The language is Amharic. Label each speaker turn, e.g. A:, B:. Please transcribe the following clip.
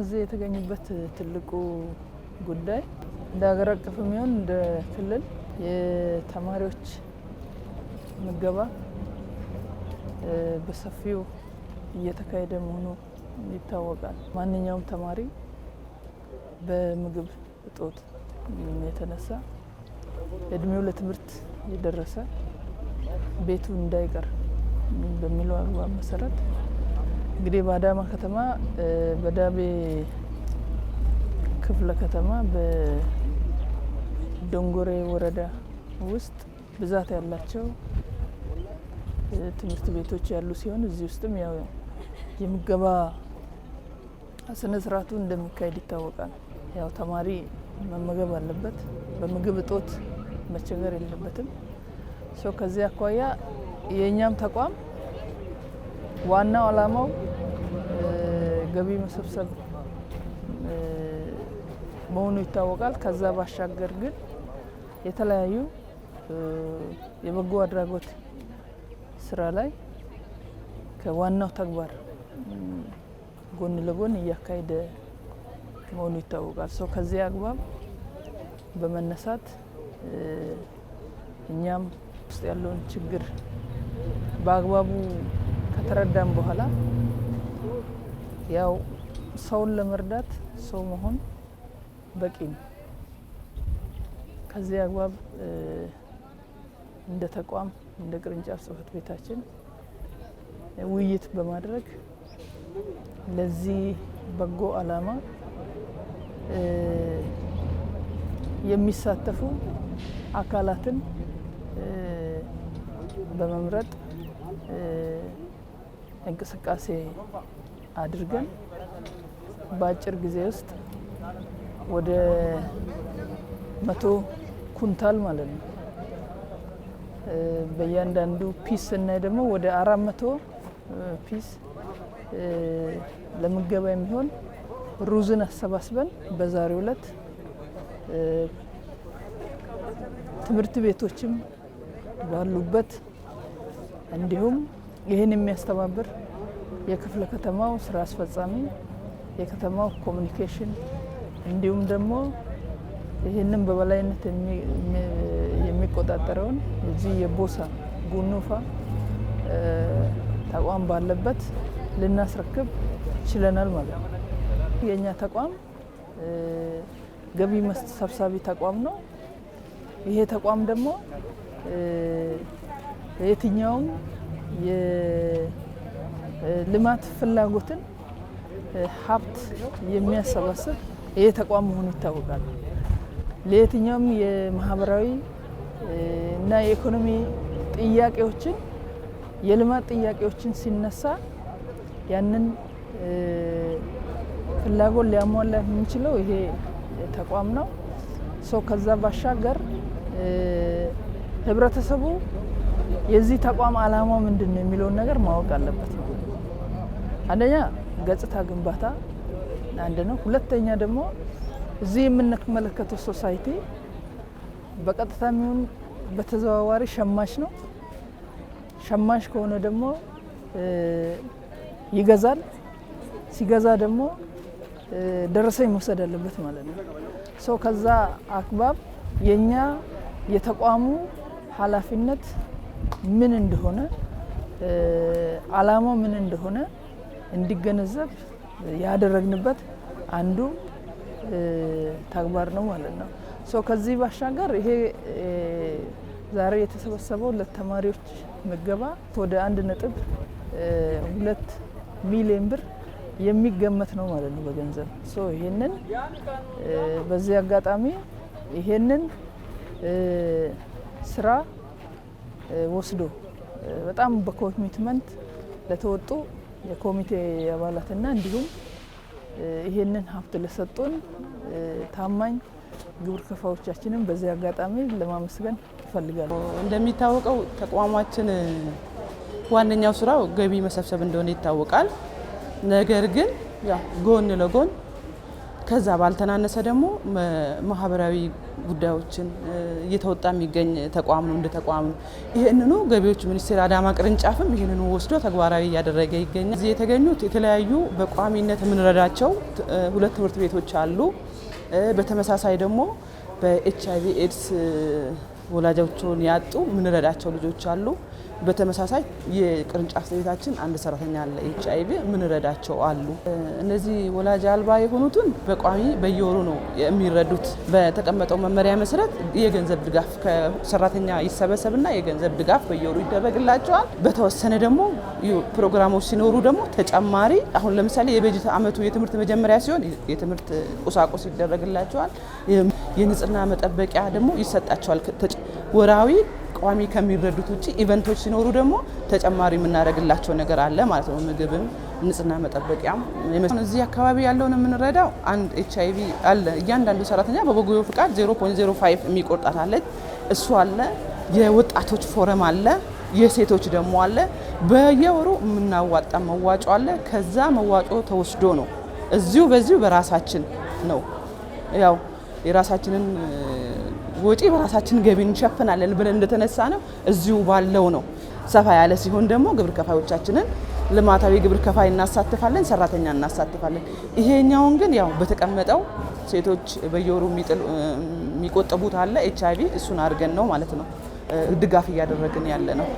A: እዚህ የተገኙበት ትልቁ ጉዳይ እንደ ሀገር አቀፍ የሚሆን እንደ ክልል የተማሪዎች ምገባ በሰፊው እየተካሄደ መሆኑ ይታወቃል። ማንኛውም ተማሪ በምግብ እጦት የተነሳ እድሜው ለትምህርት የደረሰ ቤቱ እንዳይቀር በሚለው አግባብ መሰረት እንግዲህ በአዳማ ከተማ በዳቤ ክፍለ ከተማ በደንጎሬ ወረዳ ውስጥ ብዛት ያላቸው ትምህርት ቤቶች ያሉ ሲሆን እዚህ ውስጥም ያው የምገባ ስነ ስርዓቱ እንደሚካሄድ ይታወቃል። ያው ተማሪ መመገብ አለበት። በምግብ እጦት መቸገር የለበትም። ሶ ከዚህ አኳያ የእኛም ተቋም ዋናው አላማው ገቢ መሰብሰብ መሆኑ ይታወቃል። ከዛ ባሻገር ግን የተለያዩ የበጎ አድራጎት ስራ ላይ ከዋናው ተግባር ጎን ለጎን እያካሄደ መሆኑ ይታወቃል። ሰው ከዚህ አግባብ በመነሳት እኛም ውስጥ ያለውን ችግር በአግባቡ ከተረዳም በኋላ ያው ሰውን ለመርዳት ሰው መሆን በቂ ነው። ከዚህ አግባብ እንደ ተቋም እንደ ቅርንጫፍ ጽህፈት ቤታችን ውይይት በማድረግ ለዚህ በጎ ዓላማ የሚሳተፉ አካላትን በመምረጥ እንቅስቃሴ አድርገን በአጭር ጊዜ ውስጥ ወደ መቶ ኩንታል ማለት ነው። በእያንዳንዱ ፒስ ስናይ ደግሞ ወደ አራት መቶ ፒስ ለምገባ የሚሆን ሩዝን አሰባስበን በዛሬው ዕለት ትምህርት ቤቶችም ባሉበት እንዲሁም ይህን የሚያስተባብር የክፍለ ከተማው ስራ አስፈጻሚ፣ የከተማው ኮሚኒኬሽን እንዲሁም ደግሞ ይህንን በበላይነት የሚቆጣጠረውን እዚህ የቦሳ ጉኑፋ ተቋም ባለበት ልናስረክብ ችለናል ማለት ነው። የእኛ ተቋም ገቢ ሰብሳቢ ተቋም ነው። ይሄ ተቋም ደግሞ የትኛውም የልማት ፍላጎትን ሀብት የሚያሰባስብ ይህ ተቋም መሆኑ ይታወቃል። ለየትኛውም የማህበራዊ እና የኢኮኖሚ ጥያቄዎችን የልማት ጥያቄዎችን ሲነሳ ያንን ፍላጎት ሊያሟላ የምንችለው ይሄ ተቋም ነው። ሰው ከዛ ባሻገር ህብረተሰቡ የዚህ ተቋም አላማው ምንድን ነው የሚለውን ነገር ማወቅ አለበት። አንደኛ ገጽታ ግንባታ አንድ ነው። ሁለተኛ ደግሞ እዚህ የምንመለከተው ሶሳይቲ በቀጥታ የሚሆን በተዘዋዋሪ ሸማች ነው። ሸማች ከሆነ ደግሞ ይገዛል። ሲገዛ ደግሞ ደረሰኝ መውሰድ አለበት ማለት ነው። ሰው ከዛ አክባብ የእኛ የተቋሙ ኃላፊነት ምን እንደሆነ አላማው ምን እንደሆነ እንዲገነዘብ ያደረግንበት አንዱ ተግባር ነው ማለት ነው። ሶ ከዚህ ባሻገር ይሄ ዛሬ የተሰበሰበው ለተማሪዎች ምገባ ወደ አንድ ነጥብ ሁለት ሚሊዮን ብር የሚገመት ነው ማለት ነው በገንዘብ ሶ ይሄንን በዚህ አጋጣሚ ይሄንን ስራ ወስዶ በጣም በኮሚትመንት ለተወጡ የኮሚቴ አባላትና እንዲሁም ይህንን ሀብት ለሰጡን ታማኝ ግብር ከፋዎቻችንም በዚህ አጋጣሚ ለማመስገን ይፈልጋል። እንደሚታወቀው ተቋማችን ዋነኛው ስራው ገቢ መሰብሰብ እንደሆነ ይታወቃል። ነገር ግን ጎን ለጎን ከዛ ባልተናነሰ ደግሞ ማህበራዊ ጉዳዮችን እየተወጣ የሚገኝ ተቋም ነው። እንደ ተቋም ይህንኑ ገቢዎች ሚኒስቴር አዳማ ቅርንጫፍም ይህንኑ ወስዶ ተግባራዊ እያደረገ ይገኛል። እዚህ የተገኙት የተለያዩ በቋሚነት የምንረዳቸው ሁለት ትምህርት ቤቶች አሉ። በተመሳሳይ ደግሞ በኤች አይ ቪ ኤድስ ወላጆችን ያጡ የምንረዳቸው ልጆች አሉ። በተመሳሳይ የቅርንጫፍ ቤታችን አንድ ሰራተኛ አለ። ኤች አይቪ ቪ የምንረዳቸው አሉ። እነዚህ ወላጅ አልባ የሆኑትን በቋሚ በየወሩ ነው የሚረዱት። በተቀመጠው መመሪያ መሰረት የገንዘብ ድጋፍ ከሰራተኛ ይሰበሰብና የገንዘብ ድጋፍ በየወሩ ይደረግላቸዋል። በተወሰነ ደግሞ ፕሮግራሞች ሲኖሩ ደግሞ ተጨማሪ አሁን ለምሳሌ የበጀት አመቱ የትምህርት መጀመሪያ ሲሆን የትምህርት ቁሳቁስ ይደረግላቸዋል። የንጽህና መጠበቂያ ደግሞ ይሰጣቸዋል። ወራዊ ቋሚ ከሚረዱት ውጭ ኢቨንቶች ሲኖሩ ደግሞ ተጨማሪ የምናደርግላቸው ነገር አለ ማለት ነው። ምግብም ንጽህና መጠበቂያም እዚህ አካባቢ ያለውን የምንረዳው አንድ ኤች አይ ቪ አለ። እያንዳንዱ ሰራተኛ በበጎ ፍቃድ 0.05 የሚቆርጣት አለች፣ እሱ አለ። የወጣቶች ፎረም አለ፣ የሴቶች ደግሞ አለ። በየወሩ የምናዋጣ መዋጮ አለ። ከዛ መዋጮ ተወስዶ ነው እዚሁ በዚሁ በራሳችን ነው ያው የራሳችንን ወጪ በራሳችን ገቢ እንሸፍናለን ብለን እንደተነሳ ነው እዚሁ ባለው ነው። ሰፋ ያለ ሲሆን ደግሞ ግብር ከፋዮቻችንን ልማታዊ ግብር ከፋይ እናሳትፋለን፣ ሰራተኛ እናሳትፋለን። ይሄኛውን ግን ያው በተቀመጠው ሴቶች በየወሩ የሚቆጠቡት አለ ኤች አይቪ እሱን አድርገን ነው ማለት ነው ድጋፍ እያደረግን ያለ ነው።